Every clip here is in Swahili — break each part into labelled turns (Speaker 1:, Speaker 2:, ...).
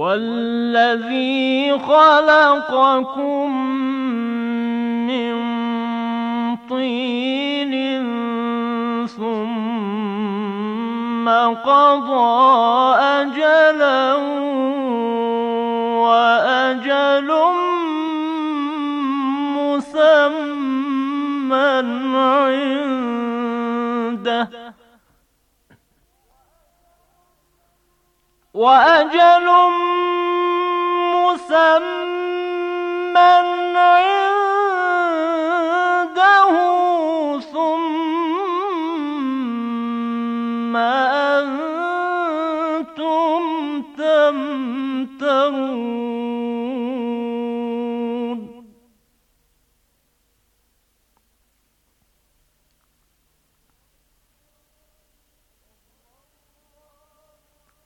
Speaker 1: والذي خلقكم من طين ثم قضى أجلا وأجل مسمى عنده وأجل مسمى عنده ثم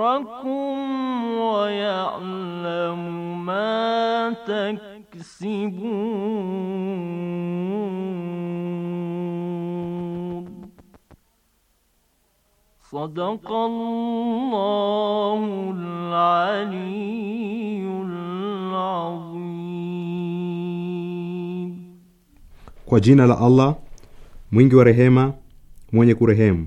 Speaker 1: أمركم ويعلم ما تكسبون صدق الله العلي العظيم
Speaker 2: Kwa jina la Allah mwingi wa rehema mwenye kurehemu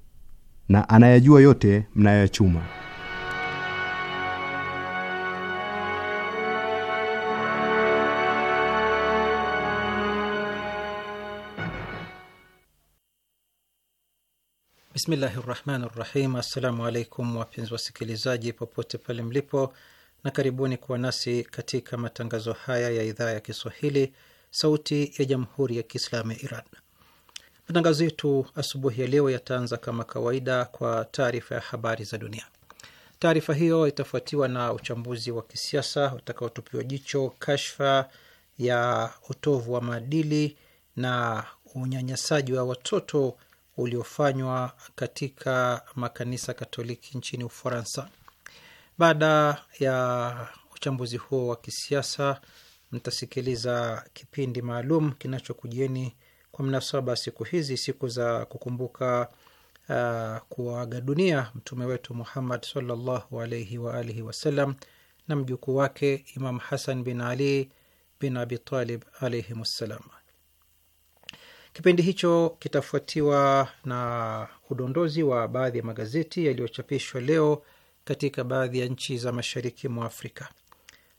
Speaker 2: na anayajua yote mnayoyachuma.
Speaker 3: Bismillahi rahmani rahim. Assalamu alaikum wapenzi wasikilizaji popote pale mlipo, na karibuni kuwa nasi katika matangazo haya ya idhaa ya Kiswahili, Sauti ya Jamhuri ya Kiislamu ya Iran. Matangazo yetu asubuhi ya leo yataanza kama kawaida kwa taarifa ya habari za dunia. Taarifa hiyo itafuatiwa na uchambuzi wa kisiasa utakaotupiwa jicho kashfa ya utovu wa maadili na unyanyasaji wa watoto uliofanywa katika makanisa Katoliki nchini Ufaransa. Baada ya uchambuzi huo wa kisiasa, mtasikiliza kipindi maalum kinachokujieni kwa mnasaba siku hizi, siku za kukumbuka uh, kuaga dunia mtume wetu Muhammad sallallahu alaihi waalihi wasallam na mjukuu wake Imam Hasan bin Ali bin Abitalib alaihim wassalam. Kipindi hicho kitafuatiwa na udondozi wa baadhi ya magazeti yaliyochapishwa leo katika baadhi ya nchi za mashariki mwa Afrika.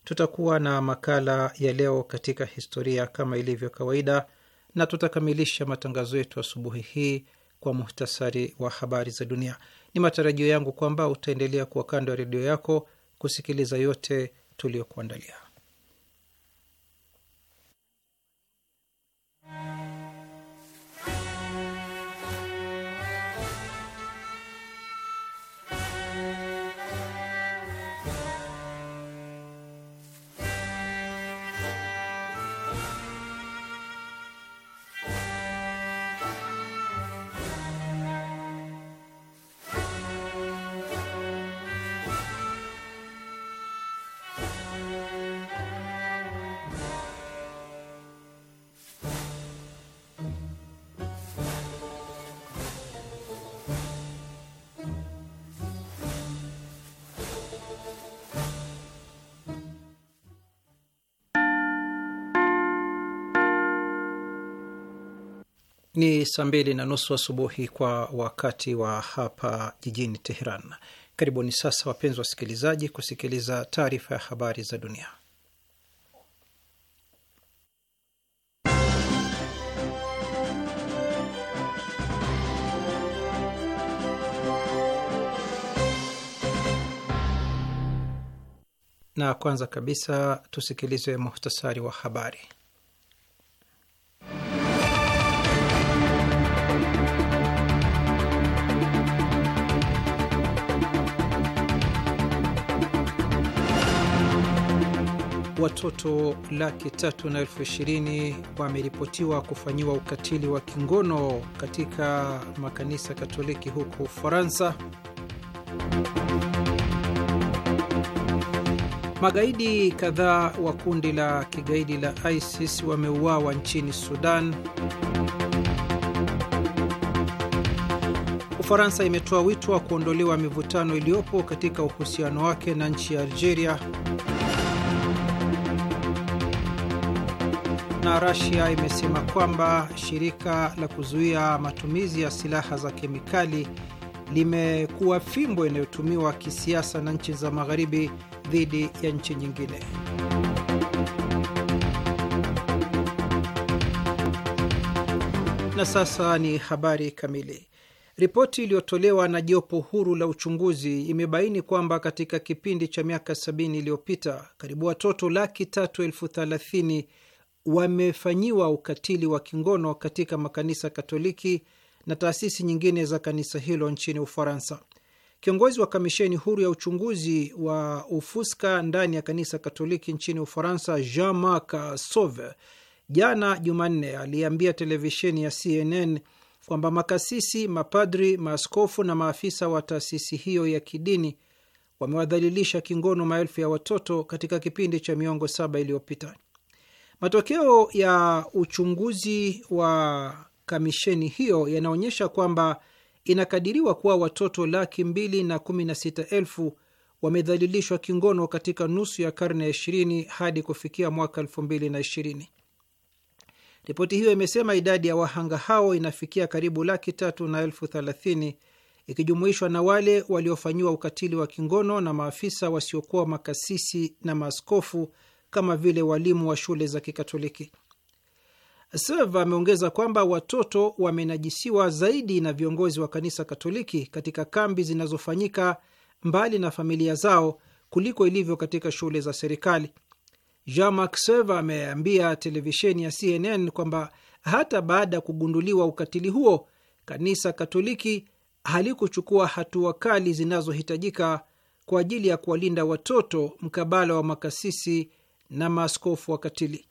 Speaker 3: Tutakuwa na makala ya leo katika historia kama ilivyo kawaida na tutakamilisha matangazo yetu asubuhi hii kwa muhtasari wa habari za dunia. Ni matarajio yangu kwamba utaendelea kuwa kando ya redio yako kusikiliza yote tuliyokuandalia. Ni saa mbili na nusu asubuhi wa kwa wakati wa hapa jijini Teheran. Karibuni sasa, wapenzi wasikilizaji, kusikiliza taarifa ya habari za dunia. Na kwanza kabisa tusikilize muhtasari wa habari. watoto laki tatu na elfu ishirini wameripotiwa kufanyiwa ukatili wa kingono katika makanisa Katoliki huko Ufaransa. Magaidi kadhaa wa kundi la kigaidi la ISIS wameuawa nchini Sudan. Ufaransa imetoa wito wa kuondolewa mivutano iliyopo katika uhusiano wake na nchi ya Algeria. na Rasia imesema kwamba shirika la kuzuia matumizi ya silaha za kemikali limekuwa fimbo inayotumiwa kisiasa na nchi za magharibi dhidi ya nchi nyingine. Na sasa ni habari kamili. Ripoti iliyotolewa na jopo huru la uchunguzi imebaini kwamba katika kipindi cha miaka 70 iliyopita karibu watoto laki tatu elfu thelathini wamefanyiwa ukatili wa kingono katika makanisa Katoliki na taasisi nyingine za kanisa hilo nchini Ufaransa. Kiongozi wa kamisheni huru ya uchunguzi wa ufuska ndani ya kanisa Katoliki nchini Ufaransa, Jean Marc Sauve, jana Jumanne, aliambia televisheni ya CNN kwamba makasisi, mapadri, maaskofu na maafisa wa taasisi hiyo ya kidini wamewadhalilisha kingono maelfu ya watoto katika kipindi cha miongo saba iliyopita. Matokeo ya uchunguzi wa kamisheni hiyo yanaonyesha kwamba inakadiriwa kuwa watoto laki mbili na kumi na sita elfu wamedhalilishwa kingono katika nusu ya karne ya ishirini hadi kufikia mwaka elfu mbili na ishirini. Ripoti hiyo imesema idadi ya wahanga hao inafikia karibu laki tatu na elfu thelathini ikijumuishwa na wale waliofanyiwa ukatili wa kingono na maafisa wasiokuwa makasisi na maaskofu kama vile walimu wa shule za Kikatoliki. Seva ameongeza kwamba watoto wamenajisiwa zaidi na viongozi wa kanisa Katoliki katika kambi zinazofanyika mbali na familia zao kuliko ilivyo katika shule za serikali. Jean Marc Seva ameambia televisheni ya CNN kwamba hata baada ya kugunduliwa ukatili huo, kanisa Katoliki halikuchukua hatua kali zinazohitajika kwa ajili ya kuwalinda watoto mkabala wa makasisi na maaskofu wakatili.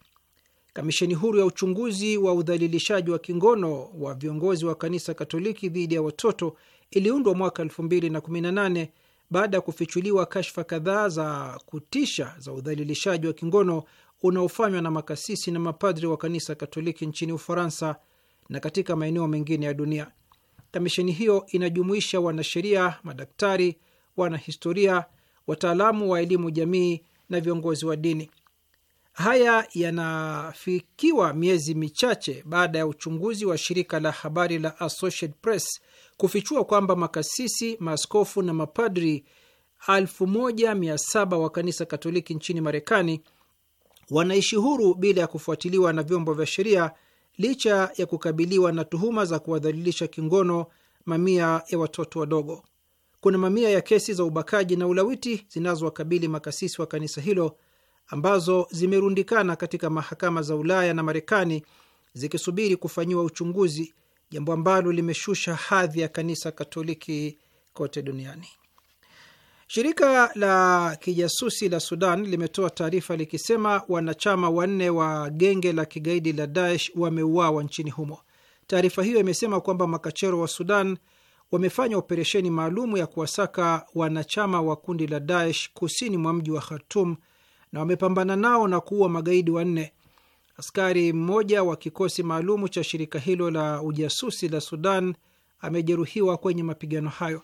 Speaker 3: Kamisheni huru ya uchunguzi wa udhalilishaji wa kingono wa viongozi wa kanisa Katoliki dhidi ya watoto iliundwa mwaka 2018 baada ya kufichuliwa kashfa kadhaa za kutisha za udhalilishaji wa kingono unaofanywa na makasisi na mapadri wa kanisa Katoliki nchini Ufaransa na katika maeneo mengine ya dunia. Kamisheni hiyo inajumuisha wanasheria, madaktari, wanahistoria, wataalamu wa elimu jamii na viongozi wa dini. Haya yanafikiwa miezi michache baada ya uchunguzi wa shirika la habari la Associated Press kufichua kwamba makasisi, maaskofu na mapadri 1700 wa kanisa Katoliki nchini Marekani wanaishi huru bila ya kufuatiliwa na vyombo vya sheria licha ya kukabiliwa na tuhuma za kuwadhalilisha kingono mamia ya watoto wadogo. Kuna mamia ya kesi za ubakaji na ulawiti zinazowakabili makasisi wa kanisa hilo ambazo zimerundikana katika mahakama za Ulaya na Marekani zikisubiri kufanyiwa uchunguzi, jambo ambalo limeshusha hadhi ya kanisa Katoliki kote duniani. Shirika la kijasusi la Sudan limetoa taarifa likisema wanachama wanne wa genge la kigaidi la Daesh wameuawa nchini humo. Taarifa hiyo imesema kwamba makachero wa Sudan wamefanya operesheni maalum ya kuwasaka wanachama wa kundi la Daesh kusini mwa mji wa Khartum na wamepambana nao na kuua magaidi wanne. Askari mmoja wa kikosi maalumu cha shirika hilo la ujasusi la Sudan amejeruhiwa kwenye mapigano hayo.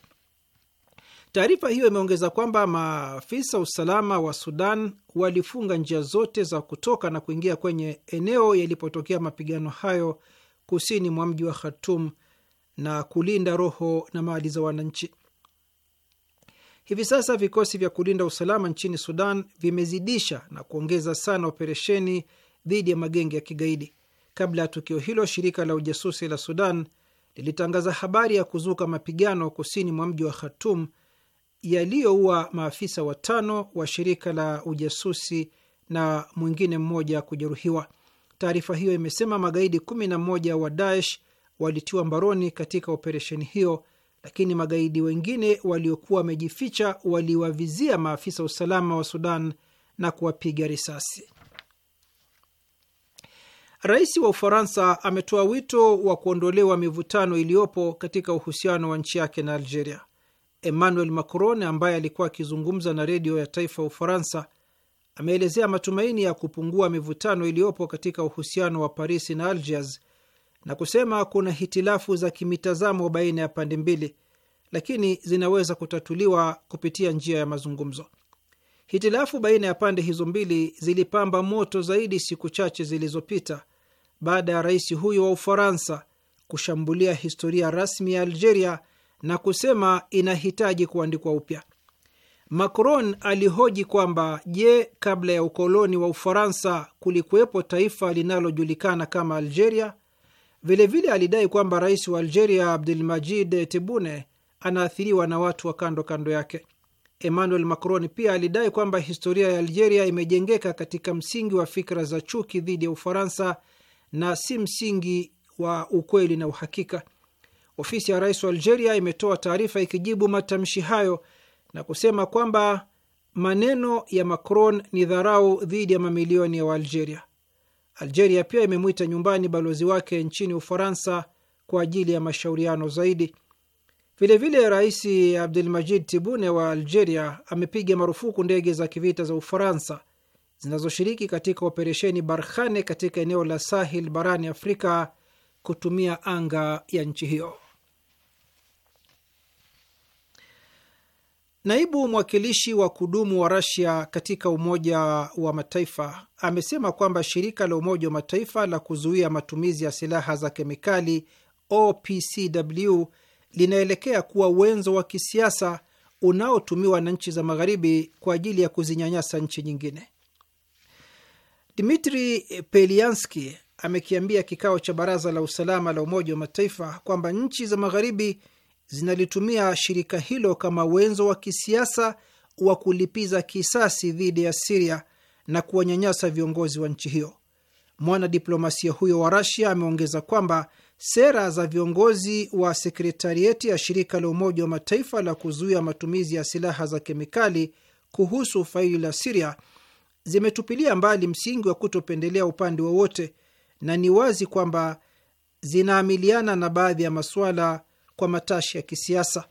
Speaker 3: Taarifa hiyo imeongeza kwamba maafisa usalama wa Sudan walifunga njia zote za kutoka na kuingia kwenye eneo yalipotokea mapigano hayo kusini mwa mji wa Khartum na kulinda roho na mali za wananchi. Hivi sasa vikosi vya kulinda usalama nchini Sudan vimezidisha na kuongeza sana operesheni dhidi ya magenge ya kigaidi. Kabla ya tukio hilo, shirika la ujasusi la Sudan lilitangaza habari ya kuzuka mapigano kusini mwa mji wa khatum yaliyoua maafisa watano wa shirika la ujasusi na mwingine mmoja kujeruhiwa. Taarifa hiyo imesema magaidi 11 wa Daesh walitiwa mbaroni katika operesheni hiyo lakini magaidi wengine waliokuwa wamejificha waliwavizia maafisa usalama wa Sudan na kuwapiga risasi. Rais wa Ufaransa ametoa wito wa kuondolewa mivutano iliyopo katika uhusiano wa nchi yake na Algeria. Emmanuel Macron ambaye alikuwa akizungumza na redio ya taifa ya Ufaransa ameelezea matumaini ya kupungua mivutano iliyopo katika uhusiano wa Paris na Algiers na kusema kuna hitilafu za kimitazamo baina ya pande mbili, lakini zinaweza kutatuliwa kupitia njia ya mazungumzo. Hitilafu baina ya pande hizo mbili zilipamba moto zaidi siku chache zilizopita baada ya rais huyo wa Ufaransa kushambulia historia rasmi ya Algeria na kusema inahitaji kuandikwa upya. Macron alihoji kwamba je, kabla ya ukoloni wa Ufaransa kulikuwepo taifa linalojulikana kama Algeria Vilevile alidai kwamba rais wa Algeria abdul majid tibune anaathiriwa na watu wa kando kando yake. Emmanuel Macron pia alidai kwamba historia ya Algeria imejengeka katika msingi wa fikra za chuki dhidi ya Ufaransa na si msingi wa ukweli na uhakika. Ofisi ya rais wa Algeria imetoa taarifa ikijibu matamshi hayo na kusema kwamba maneno ya Macron ni dharau dhidi ya mamilioni ya Waalgeria. Algeria pia imemwita nyumbani balozi wake nchini Ufaransa kwa ajili ya mashauriano zaidi. Vilevile, Rais Abdelmajid Tibune wa Algeria amepiga marufuku ndege za kivita za Ufaransa zinazoshiriki katika operesheni Barkhane katika eneo la Sahel barani Afrika kutumia anga ya nchi hiyo. Naibu mwakilishi wa kudumu wa Rasia katika Umoja wa Mataifa amesema kwamba shirika la Umoja wa Mataifa la kuzuia matumizi ya silaha za kemikali OPCW linaelekea kuwa wenzo wa kisiasa unaotumiwa na nchi za Magharibi kwa ajili ya kuzinyanyasa nchi nyingine. Dmitri Pelianski amekiambia kikao cha Baraza la Usalama la Umoja wa Mataifa kwamba nchi za Magharibi zinalitumia shirika hilo kama wenzo wa kisiasa wa kulipiza kisasi dhidi ya Siria na kuwanyanyasa viongozi wa nchi hiyo. Mwanadiplomasia huyo wa Rasia ameongeza kwamba sera za viongozi wa sekretarieti ya shirika la Umoja wa Mataifa la kuzuia matumizi ya silaha za kemikali kuhusu faili la Siria zimetupilia mbali msingi wa kutopendelea upande wowote na ni wazi kwamba zinaamiliana na baadhi ya masuala kwa matashi ya kisiasa.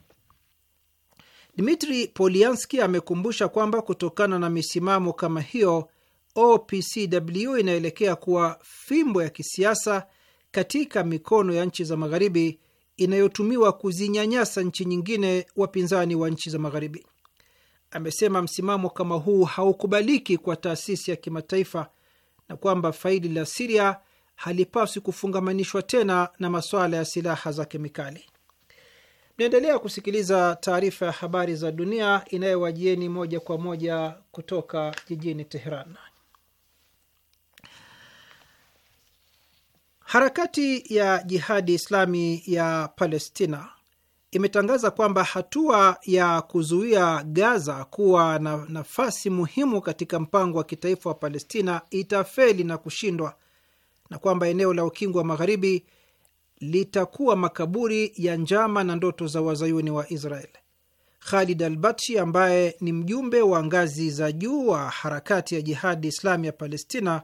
Speaker 3: Dmitri Polianski amekumbusha kwamba kutokana na misimamo kama hiyo, OPCW inaelekea kuwa fimbo ya kisiasa katika mikono ya nchi za Magharibi inayotumiwa kuzinyanyasa nchi nyingine wapinzani wa nchi za Magharibi. Amesema msimamo kama huu haukubaliki kwa taasisi ya kimataifa na kwamba faili la Siria halipaswi kufungamanishwa tena na masuala ya silaha za kemikali naendelea kusikiliza taarifa ya habari za dunia inayowajieni moja kwa moja kutoka jijini Teheran. Harakati ya Jihadi Islami ya Palestina imetangaza kwamba hatua ya kuzuia Gaza kuwa na nafasi muhimu katika mpango wa kitaifa wa Palestina itafeli na kushindwa na kwamba eneo la Ukingo wa Magharibi litakuwa makaburi ya njama na ndoto za wazayuni wa Israel. Khalid Albatshi, ambaye ni mjumbe wa ngazi za juu wa harakati ya Jihadi Islami ya Palestina,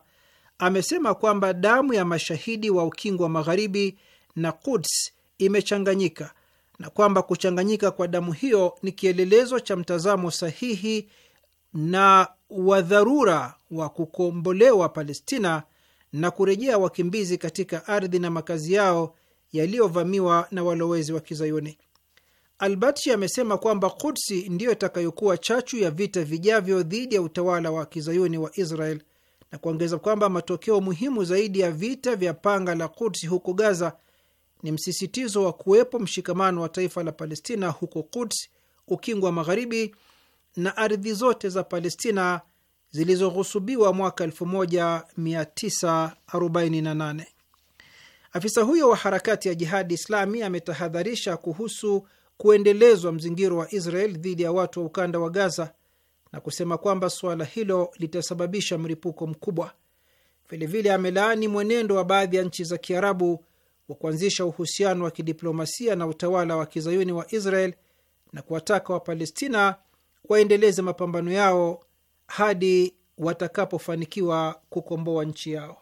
Speaker 3: amesema kwamba damu ya mashahidi wa Ukingo wa Magharibi na Quds imechanganyika na kwamba kuchanganyika kwa damu hiyo ni kielelezo cha mtazamo sahihi na wa dharura wa kukombolewa Palestina na kurejea wakimbizi katika ardhi na makazi yao yaliyovamiwa na walowezi wa Kizayuni. Albati amesema kwamba Kudsi ndiyo itakayokuwa chachu ya vita vijavyo dhidi ya utawala wa Kizayuni wa Israel na kuongeza kwamba matokeo muhimu zaidi ya vita vya panga la Kudsi huko Gaza ni msisitizo wa kuwepo mshikamano wa taifa la Palestina huko kudsi ukingo wa Magharibi na ardhi zote za Palestina zilizoghusubiwa mwaka 1948. Afisa huyo wa harakati ya Jihadi Islami ametahadharisha kuhusu kuendelezwa mzingiro wa Israel dhidi ya watu wa ukanda wa Gaza na kusema kwamba suala hilo litasababisha mlipuko mkubwa. Vilevile amelaani mwenendo wa baadhi ya nchi za Kiarabu wa kuanzisha uhusiano wa kidiplomasia na utawala wa kizayuni wa Israel na kuwataka Wapalestina waendeleze mapambano yao hadi watakapofanikiwa kukomboa nchi yao.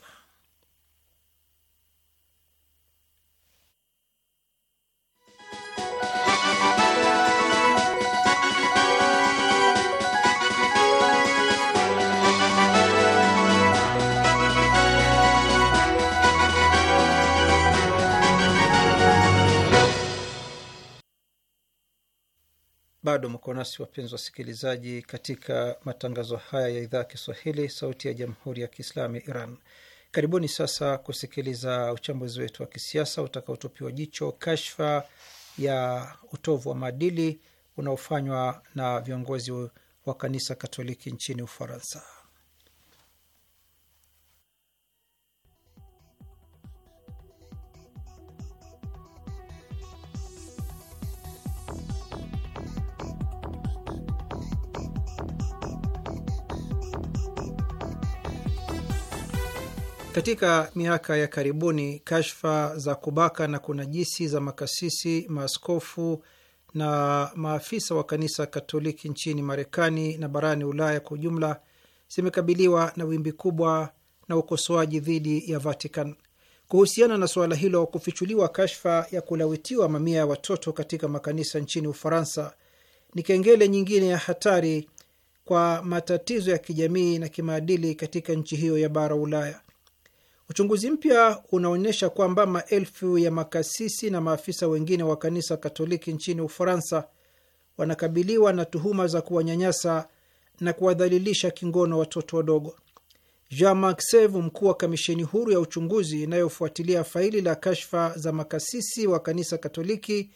Speaker 3: Bado mko nasi wapenzi wasikilizaji, katika matangazo haya ya idhaa ya Kiswahili, sauti ya jamhuri ya kiislamu ya Iran. Karibuni sasa kusikiliza uchambuzi wetu wa kisiasa utakaotupiwa jicho kashfa ya utovu wa maadili unaofanywa na viongozi wa kanisa Katoliki nchini Ufaransa. Katika miaka ya karibuni, kashfa za kubaka na kunajisi za makasisi, maaskofu na maafisa wa kanisa Katoliki nchini Marekani na barani Ulaya kwa ujumla zimekabiliwa na wimbi kubwa na ukosoaji dhidi ya Vatican. Kuhusiana na suala hilo, kufichuliwa kashfa ya kulawitiwa mamia ya watoto katika makanisa nchini Ufaransa ni kengele nyingine ya hatari kwa matatizo ya kijamii na kimaadili katika nchi hiyo ya bara Ulaya. Uchunguzi mpya unaonyesha kwamba maelfu ya makasisi na maafisa wengine wa kanisa Katoliki nchini Ufaransa wanakabiliwa na tuhuma za kuwanyanyasa na kuwadhalilisha kingono watoto wadogo. Jean Marc mkuu wa kamisheni huru ya uchunguzi inayofuatilia faili la kashfa za makasisi wa kanisa Katoliki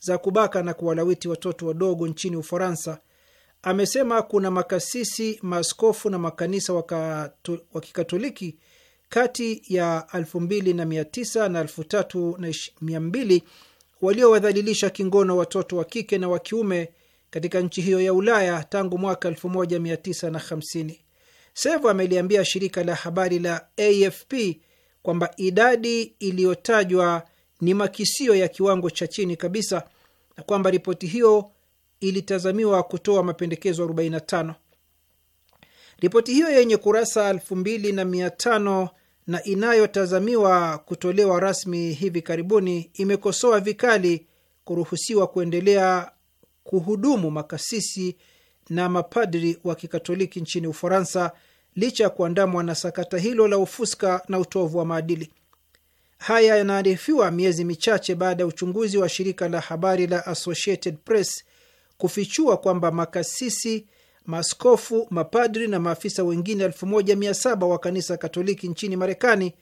Speaker 3: za kubaka na kuwalawiti watoto wadogo nchini Ufaransa, amesema kuna makasisi, maaskofu na makanisa wa Kikatoliki kati ya 2900 na 3200 waliowadhalilisha kingono watoto wa kike na wa kiume katika nchi hiyo ya Ulaya tangu mwaka 1950. Sevo ameliambia shirika la habari la AFP kwamba idadi iliyotajwa ni makisio ya kiwango cha chini kabisa na kwamba ripoti hiyo ilitazamiwa kutoa mapendekezo 45. Ripoti hiyo yenye kurasa elfu mbili na mia tano na inayotazamiwa kutolewa rasmi hivi karibuni imekosoa vikali kuruhusiwa kuendelea kuhudumu makasisi na mapadri wa Kikatoliki nchini Ufaransa licha ya kuandamwa na sakata hilo la ufuska na utovu wa maadili. Haya yanaarifiwa miezi michache baada ya uchunguzi wa shirika la habari la Associated Press kufichua kwamba makasisi maskofu, mapadri na maafisa wengine 1700 wa kanisa Katoliki nchini Marekani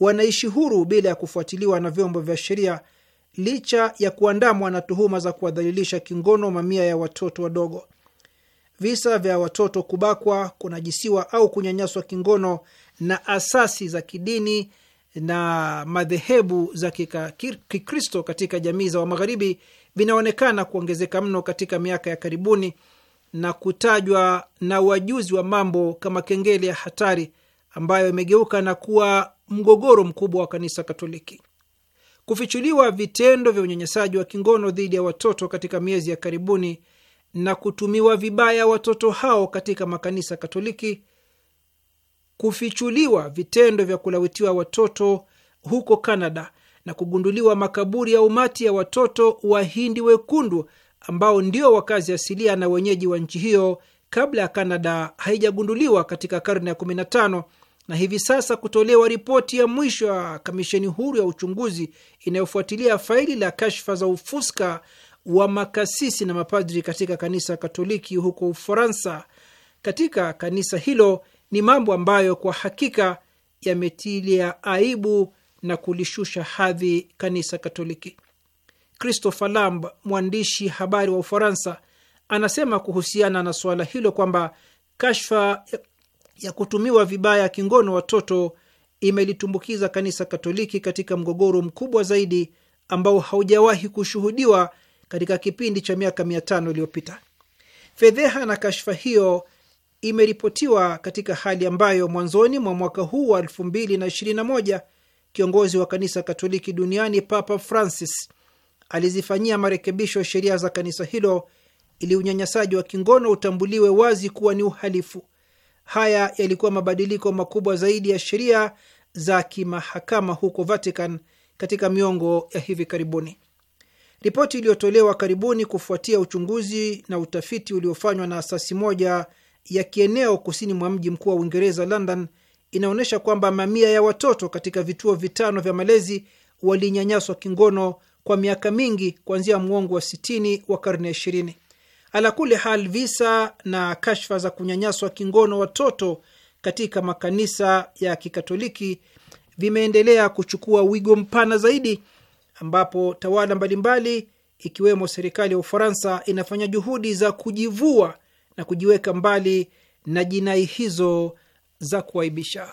Speaker 3: wanaishi huru bila ya kufuatiliwa na vyombo vya sheria licha ya kuandamwa na tuhuma za kuwadhalilisha kingono mamia ya watoto wadogo. Visa vya watoto kubakwa, kunajisiwa au kunyanyaswa kingono na asasi za kidini na madhehebu za Kikristo katika jamii za Wamagharibi vinaonekana kuongezeka mno katika miaka ya karibuni na kutajwa na wajuzi wa mambo kama kengele ya hatari ambayo imegeuka na kuwa mgogoro mkubwa wa kanisa Katoliki. Kufichuliwa vitendo vya unyanyasaji wa kingono dhidi ya watoto katika miezi ya karibuni na kutumiwa vibaya watoto hao katika makanisa Katoliki, kufichuliwa vitendo vya kulawitiwa watoto huko Kanada na kugunduliwa makaburi ya umati ya watoto Wahindi wekundu ambao ndio wakazi asilia na wenyeji wa nchi hiyo kabla ya Kanada haijagunduliwa katika karne ya 15 na hivi sasa kutolewa ripoti ya mwisho ya kamisheni huru ya uchunguzi inayofuatilia faili la kashfa za ufuska wa makasisi na mapadri katika kanisa Katoliki huko Ufaransa, katika kanisa hilo ni mambo ambayo kwa hakika yametilia aibu na kulishusha hadhi kanisa Katoliki. Christopher Lamb, mwandishi habari wa Ufaransa, anasema kuhusiana na suala hilo kwamba kashfa ya kutumiwa vibaya kingono watoto imelitumbukiza kanisa Katoliki katika mgogoro mkubwa zaidi ambao haujawahi kushuhudiwa katika kipindi cha miaka mia tano iliyopita. Fedheha na kashfa hiyo imeripotiwa katika hali ambayo mwanzoni mwa mwaka huu wa 221 kiongozi wa kanisa Katoliki duniani Papa Francis alizifanyia marekebisho sheria za kanisa hilo ili unyanyasaji wa kingono utambuliwe wazi kuwa ni uhalifu. Haya yalikuwa mabadiliko makubwa zaidi ya sheria za kimahakama huko Vatican katika miongo ya hivi karibuni. Ripoti iliyotolewa karibuni kufuatia uchunguzi na utafiti uliofanywa na asasi moja ya kieneo kusini mwa mji mkuu wa Uingereza, London, inaonyesha kwamba mamia ya watoto katika vituo vitano vya malezi walinyanyaswa kingono kwa miaka mingi kuanzia mwongo wa sitini wa karne ya Ala kule hal, visa na kashfa za kunyanyaswa kingono watoto katika makanisa ya Kikatoliki vimeendelea kuchukua wigo mpana zaidi, ambapo tawala mbalimbali ikiwemo serikali ya Ufaransa inafanya juhudi za kujivua na kujiweka mbali na jinai hizo za kuaibisha.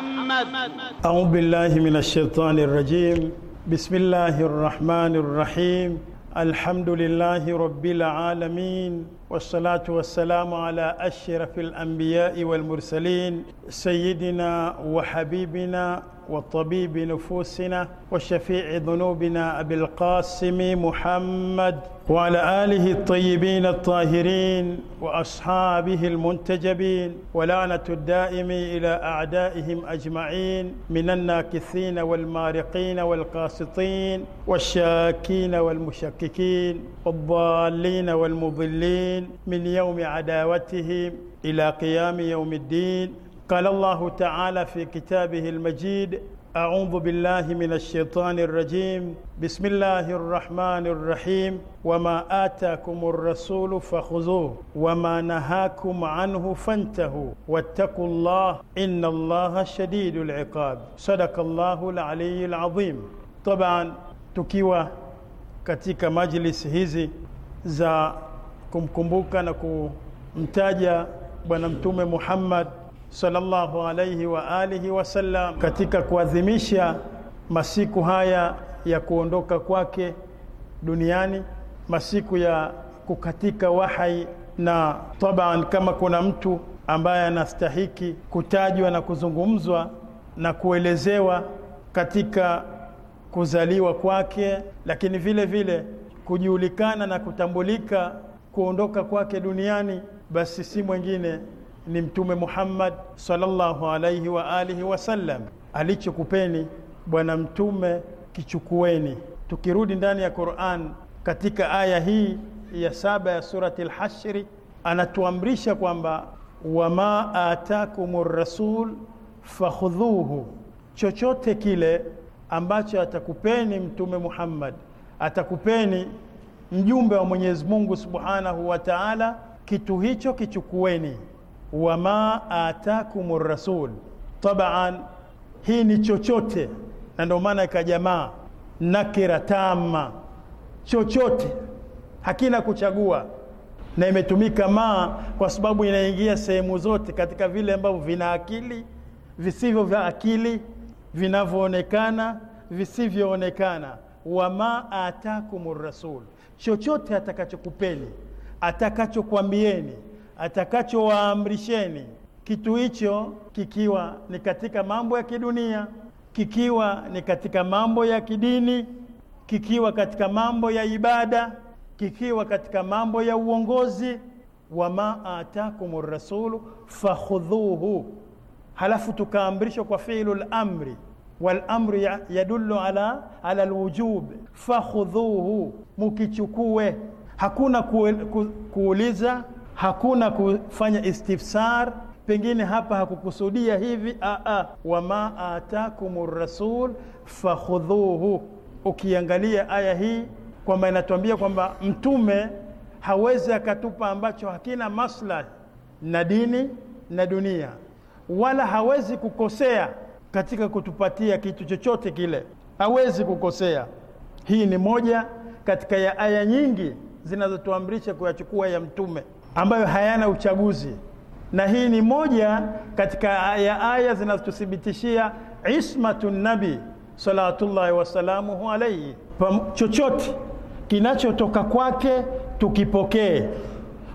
Speaker 1: محمد
Speaker 4: أعوذ بالله من الشيطان الرجيم بسم الله الرحمن الرحيم الحمد لله رب العالمين والصلاة والسلام على أشرف الأنبياء والمرسلين سيدنا وحبيبنا وطبيب نفوسنا وشفيع ذنوبنا أبي القاسم محمد وعلى آله الطيبين الطاهرين وأصحابه المنتجبين ولعنة الدائم إلى أعدائهم أجمعين من الناكثين والمارقين والقاسطين والشاكين والمشككين والضالين والمضلين من يوم عداوتهم إلى قيام يوم الدين قال الله تعالى في كتابه المجيد أعوذ بالله من الشيطان الرجيم بسم الله الرحمن الرحيم وما آتاكم الرسول فخذوه وما نهاكم عنه فانتهوا واتقوا الله إن الله شديد العقاب صدق الله العلي العظيم طبعا تكيوا كتيك مجلس hizi زا كمكمبوكا نكو kumtaja bwana mtume sallallahu alayhi wa alihi sallam katika kuadhimisha masiku haya ya kuondoka kwake duniani, masiku ya kukatika wahai, na taban, kama kuna mtu ambaye anastahiki kutajwa na kuzungumzwa na kuelezewa katika kuzaliwa kwake, lakini vile vile kujulikana na kutambulika kuondoka kwake duniani, basi si mwingine ni mtume Muhammad sallallahu alayhi wa alihi wasallam. Alichokupeni bwana mtume kichukueni. Tukirudi ndani ya Qur'an, katika aya hii ya saba ya surati al-Hashr anatuamrisha kwamba wama atakumur rasul fakhudhuhu, chochote kile ambacho atakupeni mtume Muhammad, atakupeni mjumbe wa Mwenyezi Mungu Subhanahu wa Ta'ala, kitu hicho kichukueni wama atakum rasul taban hii ni chochote na ndio maana ikajamaa nakira tama chochote hakina kuchagua na imetumika ma kwa sababu inaingia sehemu zote katika vile ambavyo vina akili visivyo vya akili vinavyoonekana visivyoonekana wama atakum rasul chochote atakachokupeni atakachokwambieni atakachowaamrisheni, kitu hicho kikiwa ni katika mambo ya kidunia, kikiwa ni katika mambo ya kidini, kikiwa katika mambo ya ibada, kikiwa katika mambo ya uongozi. wa ma atakum rasulu fakhudhuhu, halafu tukaamrishwa kwa fiilu lamri walamru yadullu ala, ala lwujub fakhudhuhu, mukichukue. Hakuna kuuliza hakuna kufanya istifsar pengine hapa hakukusudia hivi aa wama atakumur rasul fakhudhuhu ukiangalia aya hii kwamba inatuambia kwamba mtume hawezi akatupa ambacho hakina maslahi na dini na dunia wala hawezi kukosea katika kutupatia kitu chochote kile hawezi kukosea hii ni moja katika ya aya nyingi zinazotuamrisha kuyachukua ya mtume ambayo hayana uchaguzi na hii ni moja katika aya aya zinazotuthibitishia ismatu nabi salawatullahi wasalamuhu alaihi chochote kinachotoka kwake tukipokee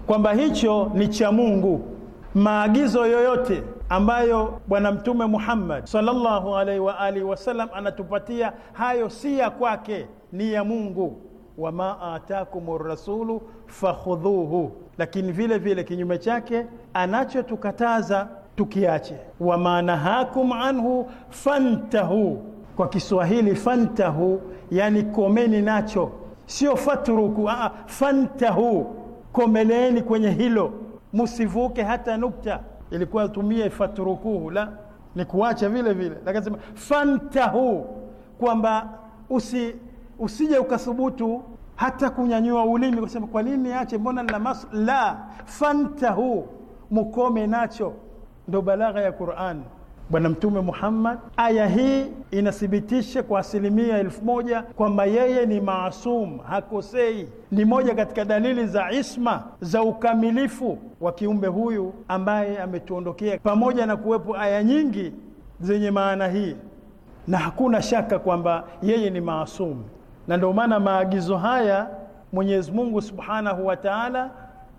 Speaker 4: kwamba hicho ni cha Mungu maagizo yoyote ambayo bwana mtume Muhammad sallallahu alaihi wa alihi wasallam anatupatia hayo si ya kwake ni ya Mungu wama atakum rasulu fakhudhuhu, lakini vile vile kinyume chake anachotukataza tukiache. Wama nahakum anhu fantahu, kwa Kiswahili fantahu, yani komeni nacho, sio fatruku. A, fantahu, komeleeni kwenye hilo, musivuke hata nukta. Ilikuwa atumie fatrukuhu, la ni kuacha vile vile, lakini sema fantahu, kwamba usi usije ukathubutu hata kunyanyua ulimi kusema kwa nini ache mbona nina maso la fantahu mukome nacho ndo balagha ya Qur'an Bwana Mtume Muhammad, aya hii inathibitisha kwa asilimia elfu moja kwamba yeye ni maasum, hakosei. Ni moja katika dalili za isma za ukamilifu wa kiumbe huyu ambaye ametuondokea, pamoja na kuwepo aya nyingi zenye maana hii, na hakuna shaka kwamba yeye ni maasum na ndio maana maagizo haya Mwenyezi Mungu Subhanahu wa Ta'ala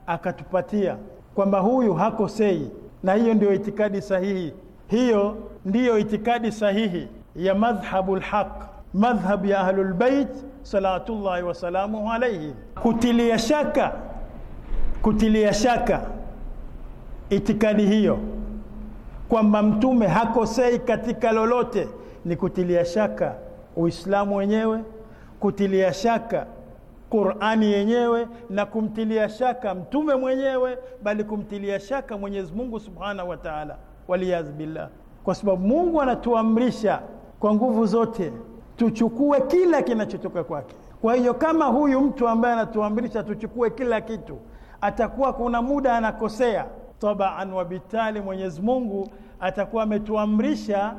Speaker 4: akatupatia kwamba huyu hakosei, na hiyo ndio itikadi sahihi. Hiyo ndiyo itikadi sahihi ya madhhabu lhaq, madhhab ya ahlulbeit salawatullahi wasalamuhu alaihi kutilia shaka, kutilia shaka itikadi hiyo kwamba mtume hakosei katika lolote, ni kutilia shaka Uislamu wenyewe kutilia shaka Qur'ani yenyewe na kumtilia shaka mtume mwenyewe bali kumtilia shaka Mwenyezi Mungu Subhanahu wa Ta'ala waliyaz billah kwa sababu Mungu anatuamrisha kwa nguvu zote tuchukue kila kinachotoka kwake kwa hiyo kama huyu mtu ambaye anatuamrisha tuchukue kila kitu atakuwa kuna muda anakosea tabaan wabitali Mwenyezi Mungu atakuwa ametuamrisha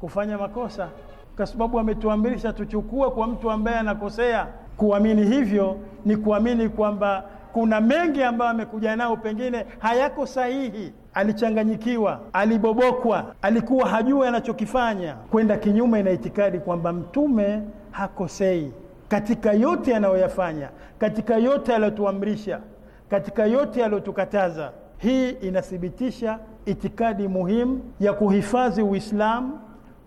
Speaker 4: kufanya makosa kwa sababu ametuamrisha tuchukue kwa mtu ambaye anakosea. Kuamini hivyo ni kuamini kwamba kuna mengi ambayo amekuja nao, pengine hayako sahihi. Alichanganyikiwa, alibobokwa, alikuwa hajui anachokifanya, kwenda kinyume na itikadi kwamba mtume hakosei katika yote anayoyafanya, katika yote aliyotuamrisha, katika yote aliyotukataza. Hii inathibitisha itikadi muhimu ya kuhifadhi Uislamu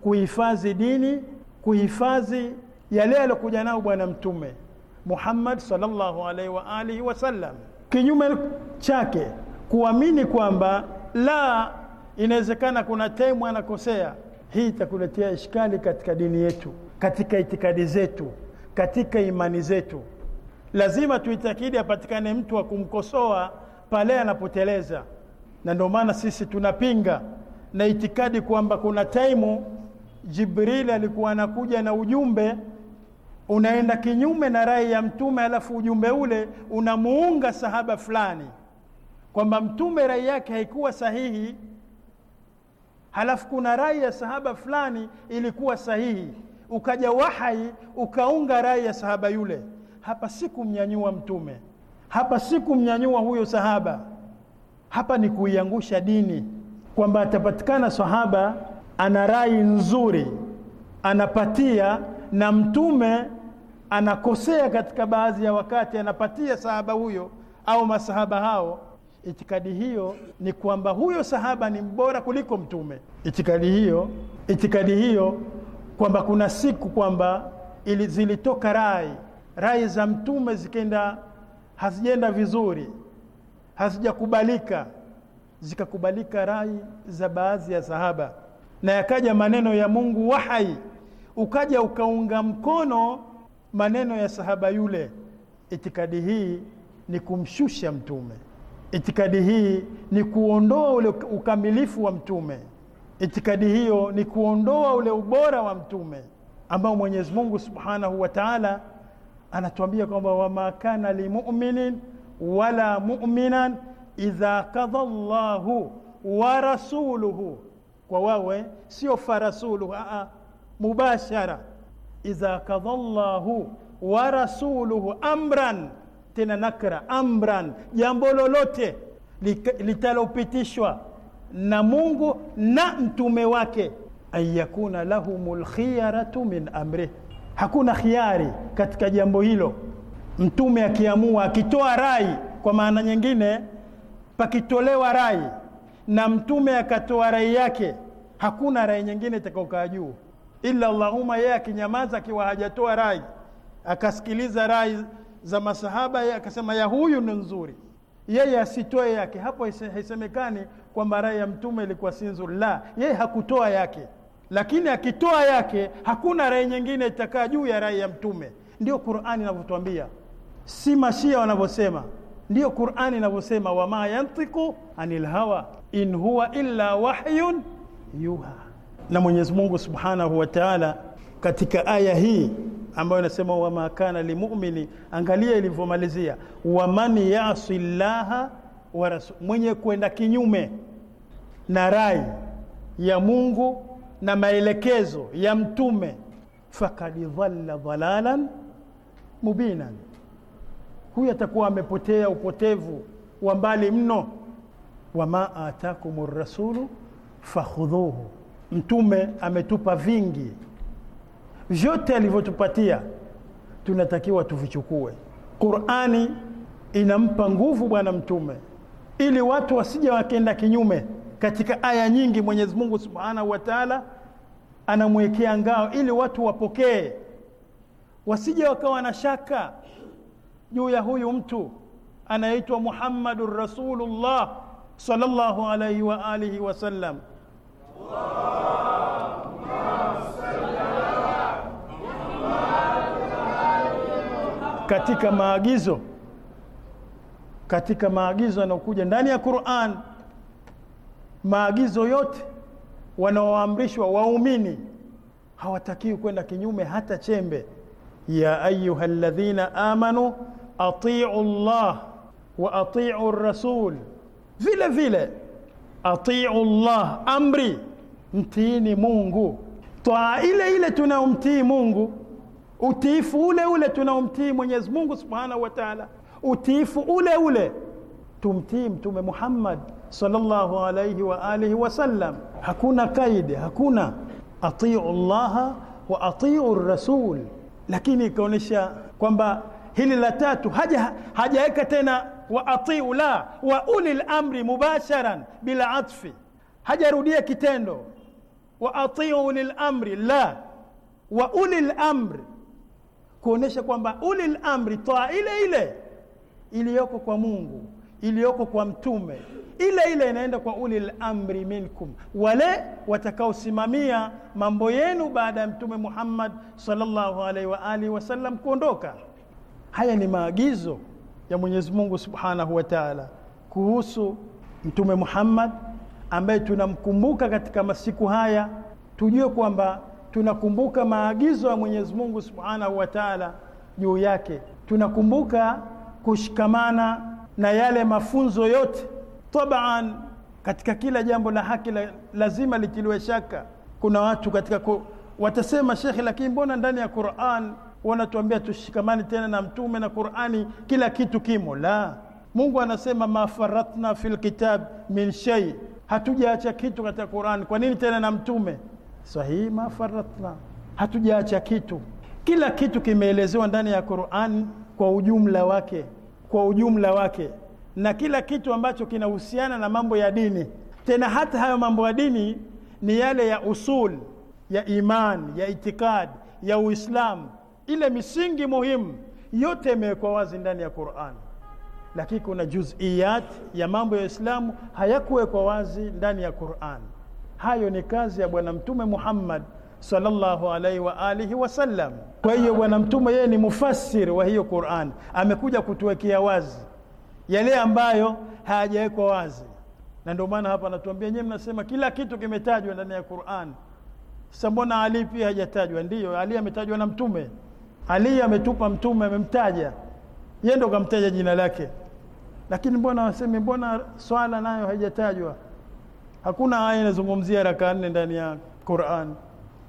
Speaker 4: kuhifadhi dini kuhifadhi yale yaliokuja nao bwana mtume Muhammad sallallahu alaihi wa alihi wasallam kinyume chake kuamini kwamba la inawezekana kuna taimu anakosea hii itakuletea ishkali katika dini yetu katika itikadi zetu katika imani zetu lazima tuitakidi apatikane mtu wa kumkosoa pale anapoteleza na ndio maana sisi tunapinga na itikadi kwamba kuna taimu Jibril alikuwa anakuja na ujumbe unaenda kinyume na rai ya mtume, alafu ujumbe ule unamuunga sahaba fulani, kwamba mtume rai yake haikuwa sahihi, halafu kuna rai ya sahaba fulani ilikuwa sahihi, ukaja wahai ukaunga rai ya sahaba yule. Hapa si kumnyanyua mtume, hapa si kumnyanyua huyo sahaba, hapa ni kuiangusha dini, kwamba atapatikana sahaba ana rai nzuri anapatia na mtume anakosea katika baadhi ya wakati anapatia sahaba huyo au masahaba hao itikadi hiyo ni kwamba huyo sahaba ni mbora kuliko mtume itikadi hiyo itikadi hiyo kwamba kuna siku kwamba ili zilitoka rai rai za mtume zikaenda hazijaenda vizuri hazijakubalika zikakubalika rai za baadhi ya sahaba na yakaja maneno ya Mungu wahai ukaja ukaunga mkono maneno ya sahaba yule itikadi hii ni kumshusha mtume itikadi hii ni kuondoa ule ukamilifu wa mtume itikadi hiyo ni kuondoa ule ubora wa mtume ambao Mwenyezi Mungu Subhanahu wa Ta'ala anatuambia kwamba wama kana limu'minin wala mu'minan idha kadha Allahu wa rasuluhu kwa wawe sio farasulu a mubashara idha llahu wa rasuluhu amran tena nakra amran jambo lolote litalopitishwa na Mungu na mtume wake ayakuna lahumul khiyaratu min amri hakuna khiari katika jambo hilo mtume akiamua akitoa rai kwa maana nyingine pakitolewa rai na mtume akatoa rai yake hakuna rai nyingine itakaokaa juu ila Allahuma. yeye akinyamaza akiwa hajatoa rai akasikiliza rai za masahaba yeye akasema ya huyu ni nzuri yeye asitoe yake hapo haisemekani kwamba rai ya mtume ilikuwa si nzuri la yeye hakutoa yake lakini akitoa yake hakuna rai nyingine itakaa juu ya rai ya mtume ndio Qur'ani inavyotuambia si mashia wanavyosema ndiyo Qur'ani inavyosema wama yantiku anil hawa in huwa illa wahyun yuha. Na Mwenyezi Mungu Subhanahu wa Ta'ala katika aya hii ambayo inasema wama kana limu'mini, angalia ilivyomalizia waman yasi llaha wa rasul, mwenye kwenda kinyume na rai ya Mungu na maelekezo ya mtume fakad dhalla dhalalan mubinan huyu atakuwa amepotea upotevu wa mbali mno wama atakum rasulu fakhudhuhu mtume ametupa vingi vyote alivyotupatia tunatakiwa tuvichukue qurani inampa nguvu bwana mtume ili watu wasije wakenda kinyume katika aya nyingi mwenyezi mungu subhanahu wa taala anamwekea ngao ili watu wapokee wasije wakawa na shaka juu ya huyu mtu anaitwa Muhammadur Rasulullah sallallahu alayhi wa alihi sallam. katika maagizo katika maagizo yanayokuja ndani ya Qur'an maagizo yote wanaoamrishwa waumini hawatakiwi kwenda kinyume hata chembe ya ayyuhalladhina amanu atiu llah wa atiu rasul vile vile atiu llah amri mtiini mungu twaa ile ile tunaomtii mungu utiifu ule ule tunaomtii mwenyezi mungu subhanahu wa taala utiifu ule ule tumtii mtume muhammad sallallahu alayhi wa alihi wasallam hakuna kaidi hakuna atiu llaha wa atiu rasul lakini ikaonyesha kwamba hili la tatu haja hajaweka tena wa atiu la wa uli lamri mubasharan bila atfi hajarudia kitendo wa atiu uli lamri la wa uli lamri, kuonyesha kwamba uli lamri toa ile ile iliyoko kwa Mungu iliyoko kwa mtume ile ile inaenda kwa uli lamri minkum, wale watakaosimamia mambo yenu baada ya Mtume Muhammad sallallahu alaihi wa alihi wasallam kuondoka haya ni maagizo ya Mwenyezi Mungu Subhanahu wa Ta'ala kuhusu Mtume Muhammad ambaye tunamkumbuka katika masiku haya, tujue kwamba tunakumbuka maagizo ya Mwenyezi Mungu Subhanahu wa Ta'ala juu yake, tunakumbuka kushikamana na yale mafunzo yote. Tabaan, katika kila jambo la haki la, lazima litiliwe shaka. Kuna watu katika ku, watasema shekhe, lakini mbona ndani ya Qur'an wanatuambia tushikamane tena na mtume na Qur'ani, kila kitu kimo. La, Mungu anasema mafaratna fil kitab min shay, hatujaacha kitu katika Qur'ani. Kwa nini tena na mtume? Sahihi, mafaratna, hatujaacha kitu. Kila kitu kimeelezewa ndani ya Qur'ani kwa ujumla wake, kwa ujumla wake, na kila kitu ambacho kinahusiana na mambo ya dini. Tena hata hayo mambo ya dini ni yale ya usul ya imani ya itikadi ya Uislamu ile misingi muhimu yote imewekwa wazi ndani ya Qur'an, lakini kuna juziyat ya mambo ya Uislamu hayakuwekwa wazi ndani ya Qur'an. Hayo ni kazi ya Bwana Mtume Muhammad sallallahu alaihi wa alihi wasallam. Kwa hiyo Bwana Mtume yeye ni mufassir wa hiyo Qur'an, amekuja kutuwekea wazi yale ambayo hayajawekwa wazi, na ndio maana hapa anatuambia nyewe, mnasema kila kitu kimetajwa ndani ya Qur'an. Sasa mbona Ali pia hajatajwa? Ndiyo, Ali ametajwa na Mtume ali ametupa mtume amemtaja yeye ndo kamtaja jina lake lakini mbona waseme mbona swala nayo haijatajwa hakuna aya inazungumzia rakaa nne ndani ya Qur'an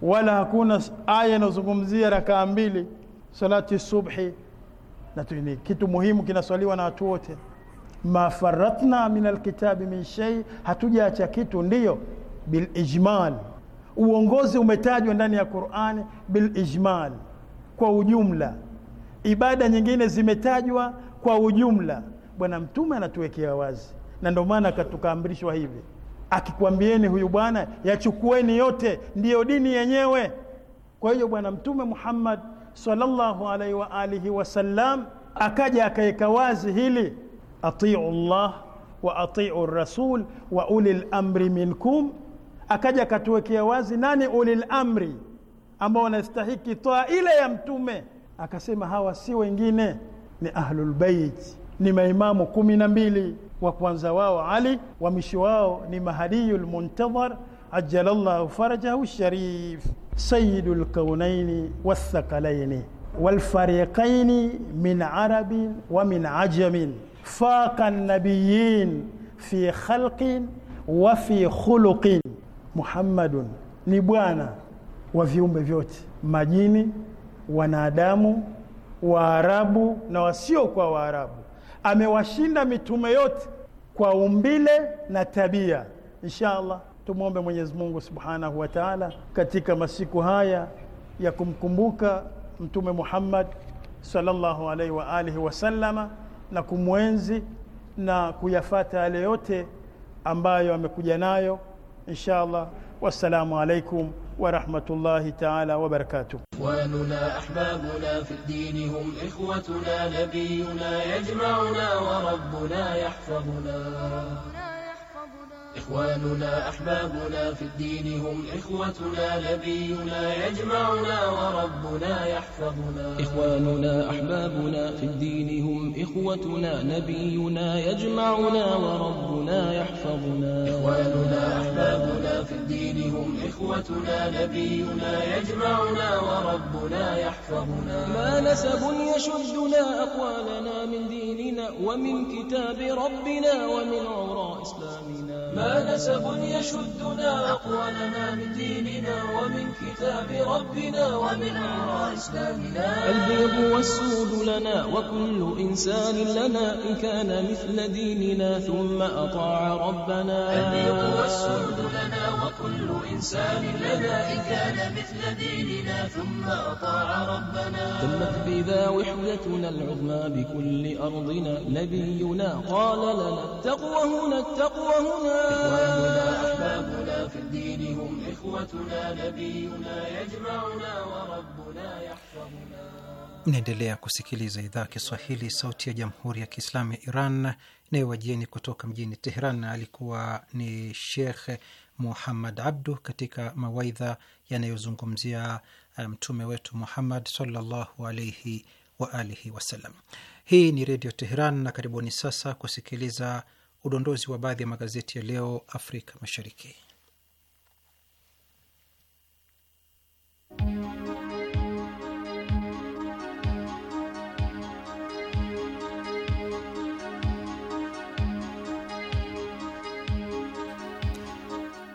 Speaker 4: wala hakuna aya inazungumzia rakaa mbili salati subhi na ni kitu muhimu kinaswaliwa na watu wote mafaratna min alkitabi min shay hatujaacha kitu ndiyo bil ijmal uongozi umetajwa ndani ya Qur'ani bil ijmal kwa ujumla ibada nyingine zimetajwa kwa ujumla bwana mtume anatuwekea wazi na ndio maana katukaamrishwa hivi akikwambieni huyu bwana yachukueni yote ndiyo dini yenyewe kwa hiyo bwana mtume Muhammad sallallahu alaihi wa alihi wasallam akaja akaweka wazi hili atiu Allah wa atiu rasul wa ulil amri minkum akaja akatuwekea wazi nani ulil amri ambao wanastahiki toa ile ya mtume akasema hawa si wengine ni ahlul bait ni maimamu kumi na mbili wa kwanza wao Ali wa mwisho wao ni mahadiyul muntadhar ajalallahu farajahu sharif sayyidul kaunaini wathakalaini والفريقين من عرب ومن عجم فاق النبيين في خلق وفي خلق محمد ni bwana wa viumbe vyote, majini, wanadamu, Waarabu na kwa Waarabu. Amewashinda mitume yote kwa umbile na tabia. Insha allah tumwombe Mwenyezi Mungu subhanahu wa taala katika masiku haya ya kumkumbuka Mtume Muhammad sallallahu alaihi wa alihi wasallama na kumwenzi na kuyafata yale yote ambayo amekuja nayo insha allah. Wassalamu alaikum ورحمة الله تعالى وبركاته إخواننا
Speaker 5: أحبابنا في الدين هم إخوتنا نبينا يجمعنا وربنا يحفظنا إخواننا أحبابنا في الدين هم إخوتنا نبينا يجمعنا وربنا يحفظنا
Speaker 1: إخواننا أحبابنا في الدين هم إخوتنا نبينا يجمعنا وربنا
Speaker 5: يحفظنا إخواننا أحبابنا في الدين هم إخوتنا نبينا يجمعنا وربنا يحفظنا ما نسب يشدنا أقوالنا من ديننا ومن كتاب ربنا ومن عرى إسلامنا نسب يشدنا أقوالنا من ديننا ومن كتاب ربنا ومن عراء إسلامنا
Speaker 1: البيض والسود لنا وكل إنسان لنا إن كان مثل ديننا ثم أطاع ربنا البيض والسود
Speaker 6: لنا
Speaker 5: وكل إنسان لنا إن كان مثل ديننا ثم أطاع ربنا تمت
Speaker 1: بذا وحدتنا العظمى بكل أرضنا نبينا
Speaker 5: قال لنا التقوى هنا التقوى هنا
Speaker 3: Mnaendelea kusikiliza idhaa ya Kiswahili, sauti ya jamhuri ya kiislamu ya Iran inayowajieni kutoka mjini Teheran. Alikuwa ni Shekh Muhammad Abdu katika mawaidha yanayozungumzia eh, mtume um, wetu Muhammad sallallahu alaihi alihi wasallam. Hii ni Redio Teheran na karibuni sasa kusikiliza udondozi wa baadhi ya magazeti ya leo Afrika Mashariki.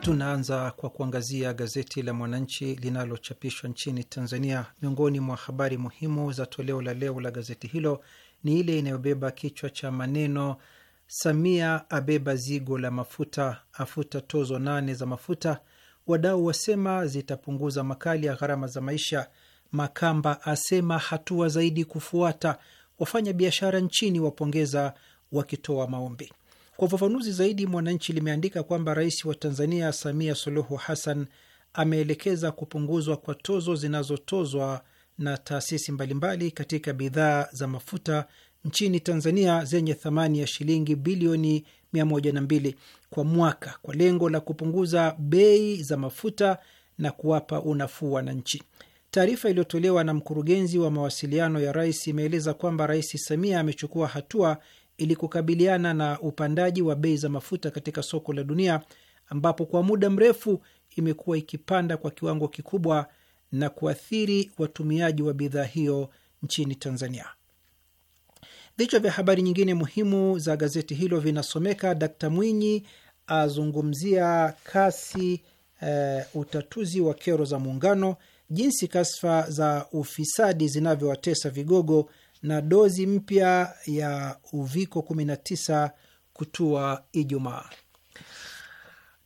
Speaker 3: Tunaanza kwa kuangazia gazeti la Mwananchi linalochapishwa nchini Tanzania. Miongoni mwa habari muhimu za toleo la leo la gazeti hilo ni ile inayobeba kichwa cha maneno Samia abeba zigo la mafuta, afuta tozo nane za mafuta. Wadau wasema zitapunguza makali ya gharama za maisha. Makamba asema hatua zaidi kufuata. Wafanya biashara nchini wapongeza wakitoa maombi. Kwa ufafanuzi zaidi, Mwananchi limeandika kwamba rais wa Tanzania Samia Suluhu Hassan ameelekeza kupunguzwa kwa tozo zinazotozwa na taasisi mbalimbali katika bidhaa za mafuta nchini Tanzania zenye thamani ya shilingi bilioni 102 kwa mwaka kwa lengo la kupunguza bei za mafuta na kuwapa unafuu wananchi. Taarifa iliyotolewa na mkurugenzi wa mawasiliano ya rais imeeleza kwamba Rais Samia amechukua hatua ili kukabiliana na upandaji wa bei za mafuta katika soko la dunia ambapo kwa muda mrefu imekuwa ikipanda kwa kiwango kikubwa na kuathiri watumiaji wa bidhaa hiyo nchini Tanzania. Vichwa vya habari nyingine muhimu za gazeti hilo vinasomeka: Dkt Mwinyi azungumzia kasi e, utatuzi wa kero za Muungano, jinsi kashfa za ufisadi zinavyowatesa vigogo, na dozi mpya ya uviko 19 kutua Ijumaa.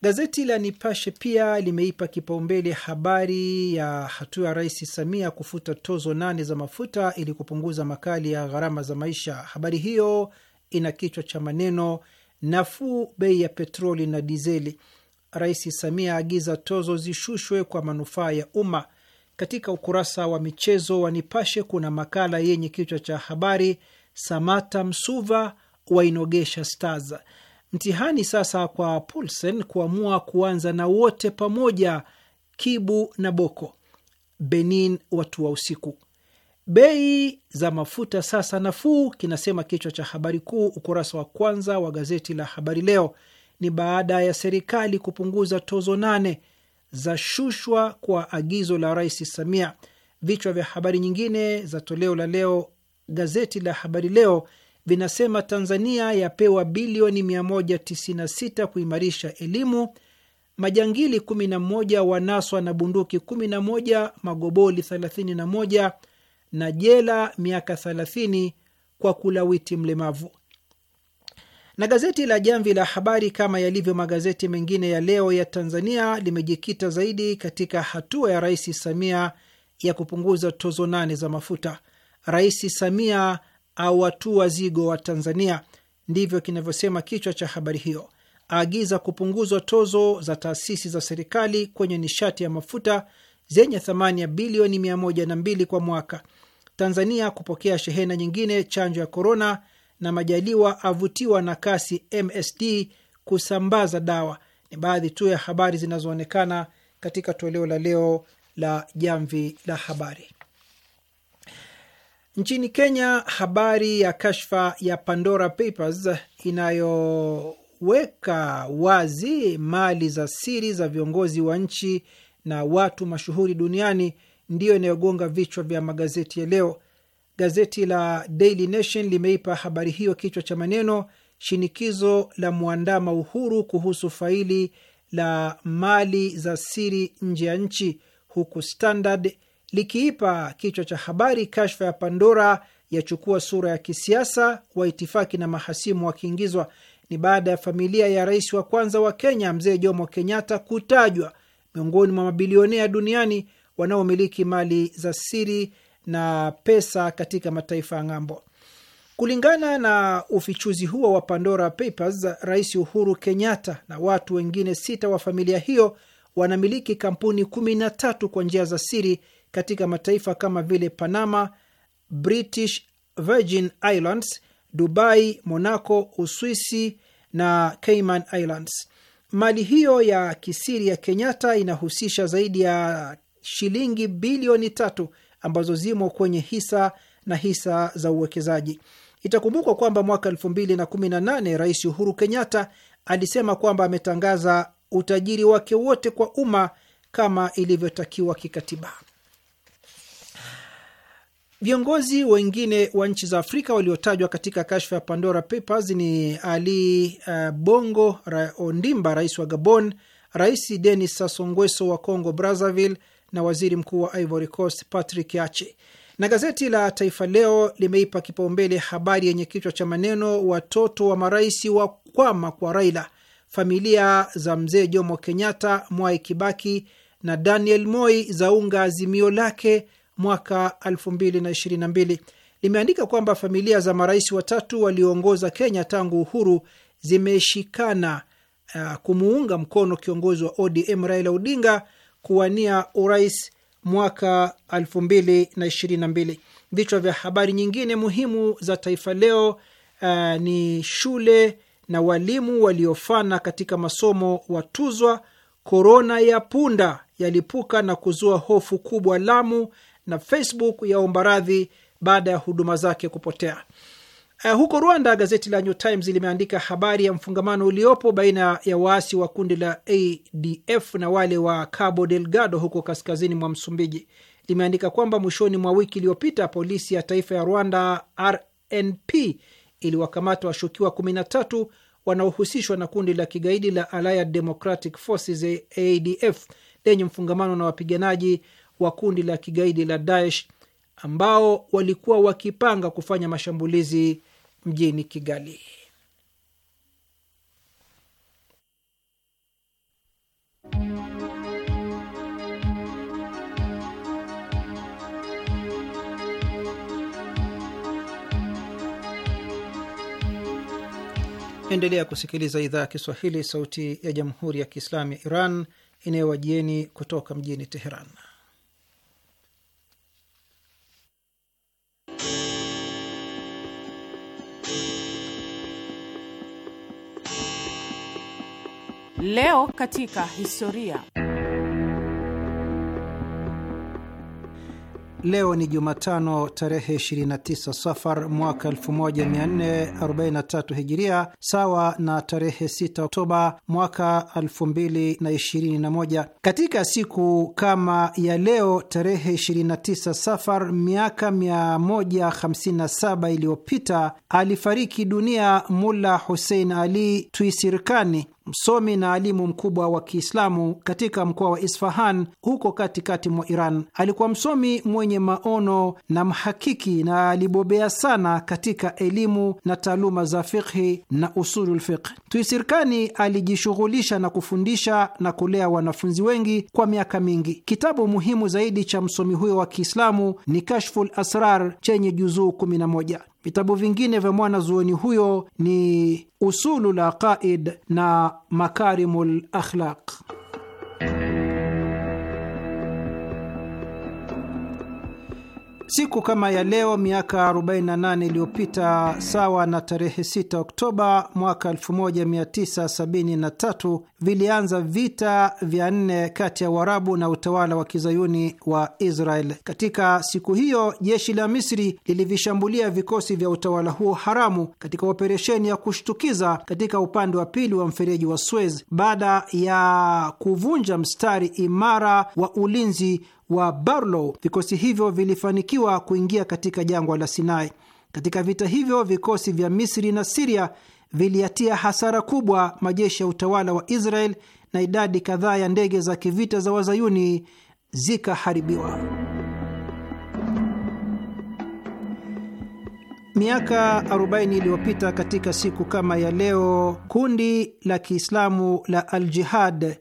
Speaker 3: Gazeti la Nipashe pia limeipa kipaumbele habari ya hatua ya Rais Samia kufuta tozo nane za mafuta ili kupunguza makali ya gharama za maisha. Habari hiyo ina kichwa cha maneno nafuu bei ya petroli na dizeli, Rais Samia agiza tozo zishushwe kwa manufaa ya umma. Katika ukurasa wa michezo wa Nipashe kuna makala yenye kichwa cha habari Samata Msuva wainogesha Stars. Mtihani sasa kwa Paulsen kuamua kuanza na wote pamoja, Kibu na Boko, Benin watu wa usiku. Bei za mafuta sasa nafuu, kinasema kichwa cha habari kuu ukurasa wa kwanza wa gazeti la Habari Leo. Ni baada ya serikali kupunguza tozo nane za shushwa kwa agizo la Rais Samia. Vichwa vya habari nyingine za toleo la leo gazeti la Habari Leo vinasema Tanzania yapewa bilioni 196 kuimarisha elimu, majangili 11 wanaswa na bunduki 11, magoboli 31 na jela miaka 30 kwa kulawiti mlemavu. Na gazeti la Jamvi la Habari, kama yalivyo magazeti mengine ya leo ya Tanzania, limejikita zaidi katika hatua ya Rais Samia ya kupunguza tozo nane za mafuta. Rais Samia awatua zigo wa Tanzania, ndivyo kinavyosema kichwa cha habari hiyo. Aagiza kupunguzwa tozo za taasisi za serikali kwenye nishati ya mafuta zenye thamani ya bilioni mbili kwa mwaka. Tanzania kupokea shehena nyingine chanjo ya korona, na Majaliwa avutiwa na kasi MSD kusambaza dawa. Ni baadhi tu ya habari zinazoonekana katika toleo la leo la Jamvi la Habari. Nchini Kenya, habari ya kashfa ya Pandora Papers inayoweka wazi mali za siri za viongozi wa nchi na watu mashuhuri duniani ndiyo inayogonga vichwa vya magazeti ya leo. Gazeti la Daily Nation limeipa habari hiyo kichwa cha maneno, shinikizo la mwandama Uhuru kuhusu faili la mali za siri nje ya nchi, huku Standard likiipa kichwa cha habari kashfa ya Pandora yachukua sura ya kisiasa, itifaki na mahasimu wakiingizwa. Ni baada ya familia ya rais wa kwanza wa Kenya Mzee Jomo Kenyatta kutajwa miongoni mwa mabilionea duniani wanaomiliki mali za siri na pesa katika mataifa ya ng'ambo. Kulingana na ufichuzi huo wa Pandora Papers, Rais Uhuru Kenyatta na watu wengine sita wa familia hiyo wanamiliki kampuni kumi na tatu kwa njia za siri katika mataifa kama vile Panama, British Virgin Islands, Dubai, Monaco, Uswisi na Cayman Islands. Mali hiyo ya kisiri ya Kenyatta inahusisha zaidi ya shilingi bilioni tatu ambazo zimo kwenye hisa na hisa za uwekezaji. Itakumbukwa kwamba mwaka nane Rais Uhuru Kenyatta alisema kwamba ametangaza utajiri wake wote kwa umma kama ilivyotakiwa kikatiba. Viongozi wengine wa nchi za Afrika waliotajwa katika kashfa ya Pandora Papers ni Ali uh, Bongo ra, Ondimba, rais wa Gabon, Rais Denis Sassou Nguesso wa Congo Brazzaville na waziri mkuu wa Ivory Coast Patrick Yache. Na gazeti la Taifa Leo limeipa kipaumbele habari yenye kichwa cha maneno watoto wa marais wa kwama kwa Raila, familia za mzee Jomo Kenyatta, Mwai Kibaki na Daniel Moi zaunga azimio lake mwaka 2022 limeandika kwamba familia za marais watatu walioongoza Kenya tangu uhuru zimeshikana uh, kumuunga mkono kiongozi wa ODM Raila Odinga kuwania urais mwaka 2022. Vichwa vya habari nyingine muhimu za Taifa Leo uh, ni shule na walimu waliofana katika masomo watuzwa, korona ya punda yalipuka na kuzua hofu kubwa Lamu, na Facebook yaomba radhi baada ya huduma zake kupotea. Uh, huko Rwanda gazeti la New Times limeandika habari ya mfungamano uliopo baina ya waasi wa kundi la ADF na wale wa Cabo Delgado huko kaskazini mwa Msumbiji. Limeandika kwamba mwishoni mwa wiki iliyopita polisi ya taifa ya Rwanda RNP iliwakamata washukiwa 13 wanaohusishwa na kundi la kigaidi la Allied Democratic Forces ADF lenye mfungamano na wapiganaji wa kundi la kigaidi la Daesh ambao walikuwa wakipanga kufanya mashambulizi mjini Kigali. Endelea kusikiliza idhaa ya Kiswahili, sauti ya jamhuri ya kiislamu ya Iran inayowajieni kutoka mjini Teheran.
Speaker 1: Leo katika historia.
Speaker 3: Leo ni Jumatano tarehe 29 Safar mwaka 1443 Hijiria, sawa na tarehe 6 Oktoba mwaka 2021. Katika siku kama ya leo tarehe 29 Safar miaka 157 iliyopita alifariki dunia Mulla Hussein Ali Twisirkani, msomi na alimu mkubwa wa Kiislamu katika mkoa wa Isfahan huko katikati mwa Iran. Alikuwa msomi mwenye maono na mhakiki, na alibobea sana katika elimu na taaluma za fikhi na usulul fiqh. Tuisirkani alijishughulisha na kufundisha na kulea wanafunzi wengi kwa miaka mingi. Kitabu muhimu zaidi cha msomi huyo wa Kiislamu ni Kashful Asrar chenye juzuu 11. Vitabu vingine vya mwanazuoni huyo ni Usulu Laqaid na Makarimul Akhlaq. Siku kama ya leo miaka 48 iliyopita, sawa na tarehe 6 Oktoba mwaka 1973, vilianza vita vya nne kati ya Uarabu na utawala wa kizayuni wa Israel. Katika siku hiyo jeshi la Misri lilivishambulia vikosi vya utawala huo haramu katika operesheni ya kushtukiza katika upande wa pili wa mfereji wa Suez, baada ya kuvunja mstari imara wa ulinzi wa Barlow, vikosi hivyo vilifanikiwa kuingia katika jangwa la Sinai. Katika vita hivyo vikosi vya Misri na Siria viliatia hasara kubwa majeshi ya utawala wa Israel na idadi kadhaa ya ndege za kivita za wazayuni zikaharibiwa. Miaka 40 iliyopita katika siku kama ya leo, kundi la Kiislamu la Al Jihad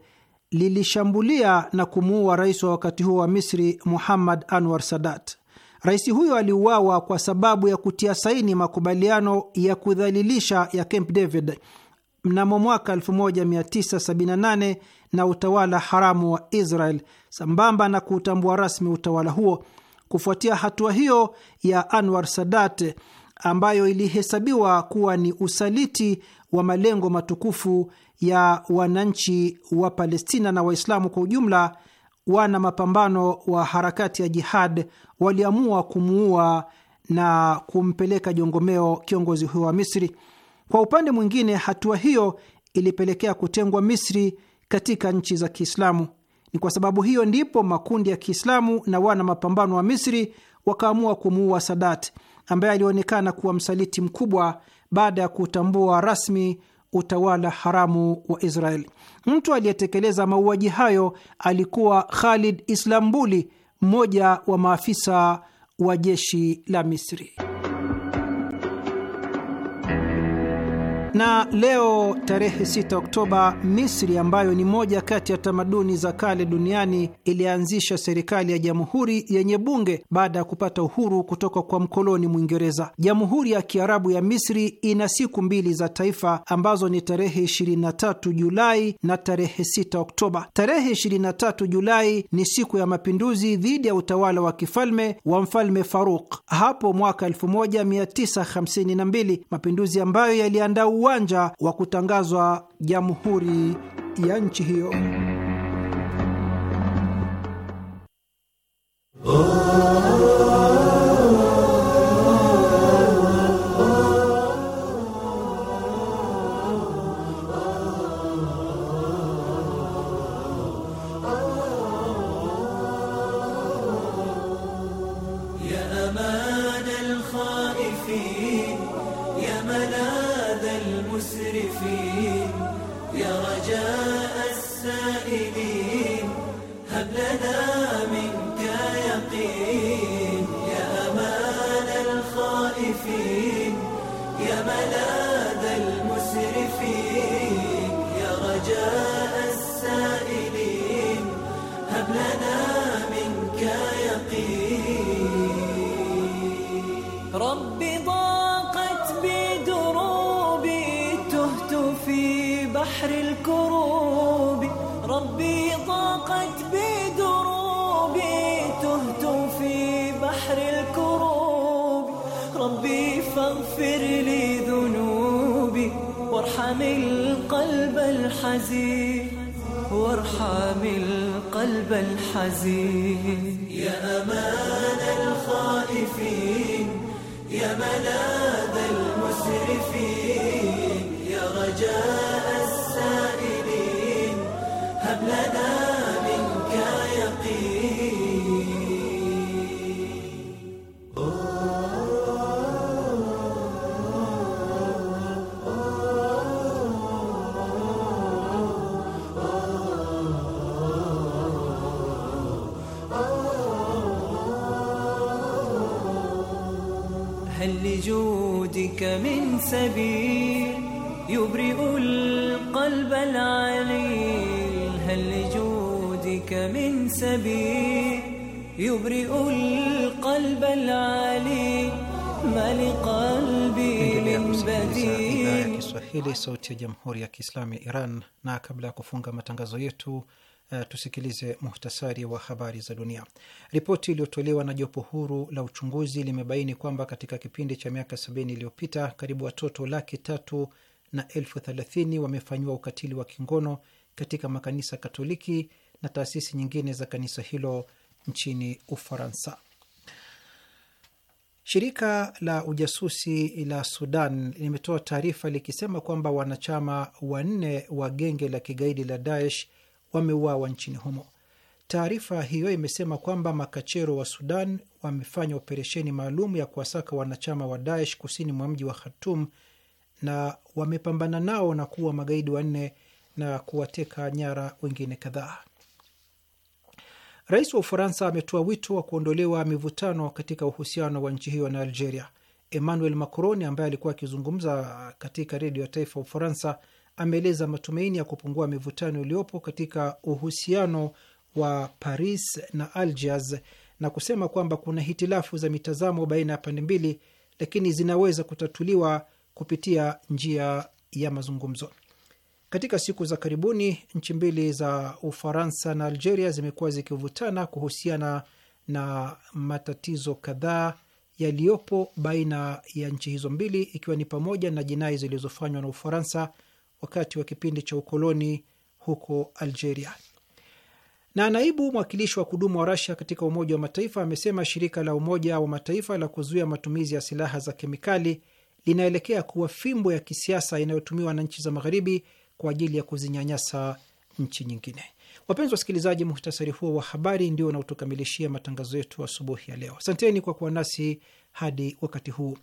Speaker 3: lilishambulia na kumuua rais wa wakati huo wa Misri, Muhammad Anwar Sadat. Rais huyo aliuawa kwa sababu ya kutia saini makubaliano ya kudhalilisha ya Camp David mnamo mwaka 1978 na utawala haramu wa Israel sambamba na kuutambua rasmi utawala huo. Kufuatia hatua hiyo ya Anwar Sadat ambayo ilihesabiwa kuwa ni usaliti wa malengo matukufu ya wananchi wa Palestina na Waislamu kwa ujumla, wana mapambano wa harakati ya jihad waliamua kumuua na kumpeleka jongomeo kiongozi huyo wa Misri. Kwa upande mwingine, hatua hiyo ilipelekea kutengwa Misri katika nchi za Kiislamu. Ni kwa sababu hiyo ndipo makundi ya Kiislamu na wana mapambano wa Misri wakaamua kumuua Sadat ambaye alionekana kuwa msaliti mkubwa baada ya kutambua rasmi utawala haramu wa israel Mtu aliyetekeleza mauaji hayo alikuwa Khalid Islambuli, mmoja wa maafisa wa jeshi la Misri. Na leo tarehe 6 Oktoba, Misri ambayo ni moja kati ya tamaduni za kale duniani ilianzisha serikali ya jamhuri yenye bunge baada ya kupata uhuru kutoka kwa mkoloni Mwingereza. Jamhuri ya Kiarabu ya Misri ina siku mbili za taifa ambazo ni tarehe 23 Julai na tarehe 6 Oktoba. Tarehe 23 Julai ni siku ya mapinduzi dhidi ya utawala wa kifalme wa mfalme Faruk hapo mwaka 1952, mapinduzi ambayo yaliandaa uwanja wa kutangazwa jamhuri ya nchi hiyo. Oh.
Speaker 5: الحزين وارحم القلب الحزين يا أمان الخائفين يا ملاذ المسرفين يا رجال هل لجودك من سبيل يبرئ القلب العليل هل لجودك من سبيل يبرئ القلب العليل
Speaker 6: ما لقلبي من بديل
Speaker 3: Kiswahili, sauti ya jamhuri ya kiislamu ya Iran. Na kabla ya kufunga matangazo yetu Eh, tusikilize muhtasari wa habari za dunia. Ripoti iliyotolewa na jopo huru la uchunguzi limebaini kwamba katika kipindi cha miaka sabini iliyopita karibu watoto laki tatu na elfu thelathini wamefanyiwa ukatili wa kingono katika makanisa Katoliki na taasisi nyingine za kanisa hilo nchini Ufaransa. Shirika la ujasusi la Sudan limetoa taarifa likisema kwamba wanachama wanne wa genge la kigaidi la Daesh wameuawa nchini humo. Taarifa hiyo imesema kwamba makachero wa Sudan wamefanya operesheni maalum ya kuwasaka wanachama wa Daesh kusini mwa mji wa Khartum na wamepambana nao na kuwa magaidi wanne na kuwateka nyara wengine kadhaa. Rais wa Ufaransa ametoa wito wa kuondolewa mivutano katika uhusiano wa nchi hiyo na Algeria. Emmanuel Macron ambaye alikuwa akizungumza katika redio ya taifa Ufaransa ameeleza matumaini ya kupungua mivutano iliyopo katika uhusiano wa Paris na Algiers na kusema kwamba kuna hitilafu za mitazamo baina ya pande mbili, lakini zinaweza kutatuliwa kupitia njia ya mazungumzo. Katika siku za karibuni nchi mbili za Ufaransa na Algeria zimekuwa zikivutana kuhusiana na matatizo kadhaa yaliyopo baina ya nchi hizo mbili, ikiwa ni pamoja na jinai zilizofanywa na Ufaransa wakati wa kipindi cha ukoloni huko Algeria. Na naibu mwakilishi wa kudumu wa Rasia katika Umoja wa Mataifa amesema shirika la Umoja wa Mataifa la kuzuia matumizi ya silaha za kemikali linaelekea kuwa fimbo ya kisiasa inayotumiwa na nchi za Magharibi kwa ajili ya kuzinyanyasa nchi nyingine. Wapenzi wasikilizaji, muhtasari huo wa habari ndio unaotukamilishia matangazo yetu asubuhi ya leo. Asanteni kwa kuwa nasi hadi wakati huu.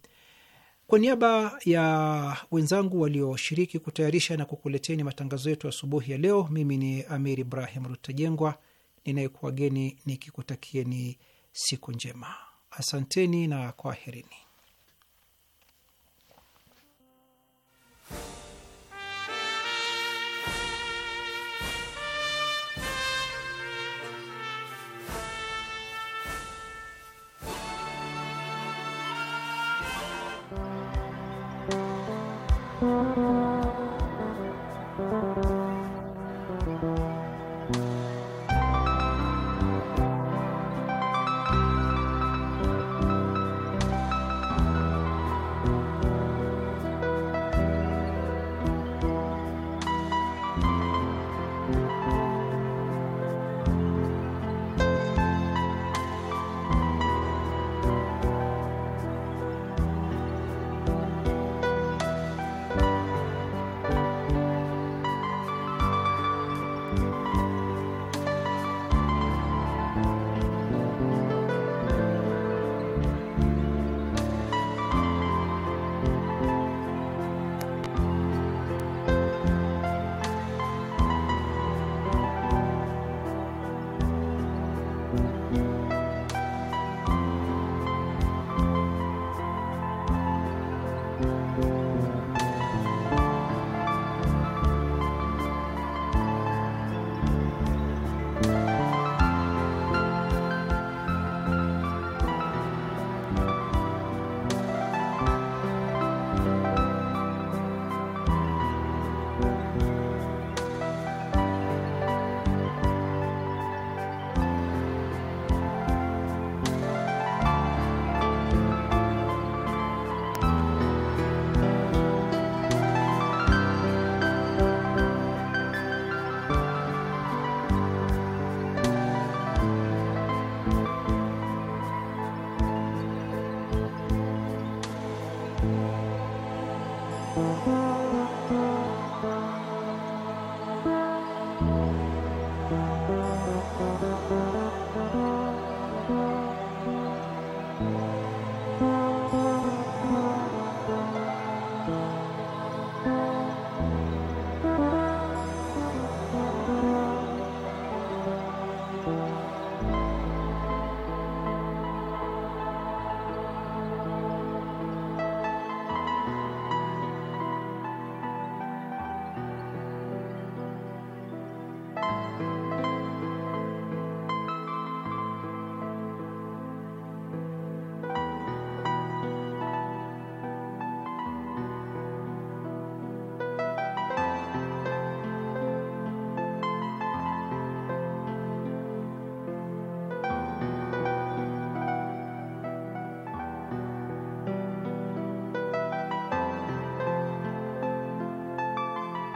Speaker 3: Kwa niaba ya wenzangu walioshiriki kutayarisha na kukuleteni matangazo yetu asubuhi ya leo, mimi ni Amir Ibrahim Rutajengwa ninayekuwageni nikikutakieni siku njema. Asanteni na kwaherini.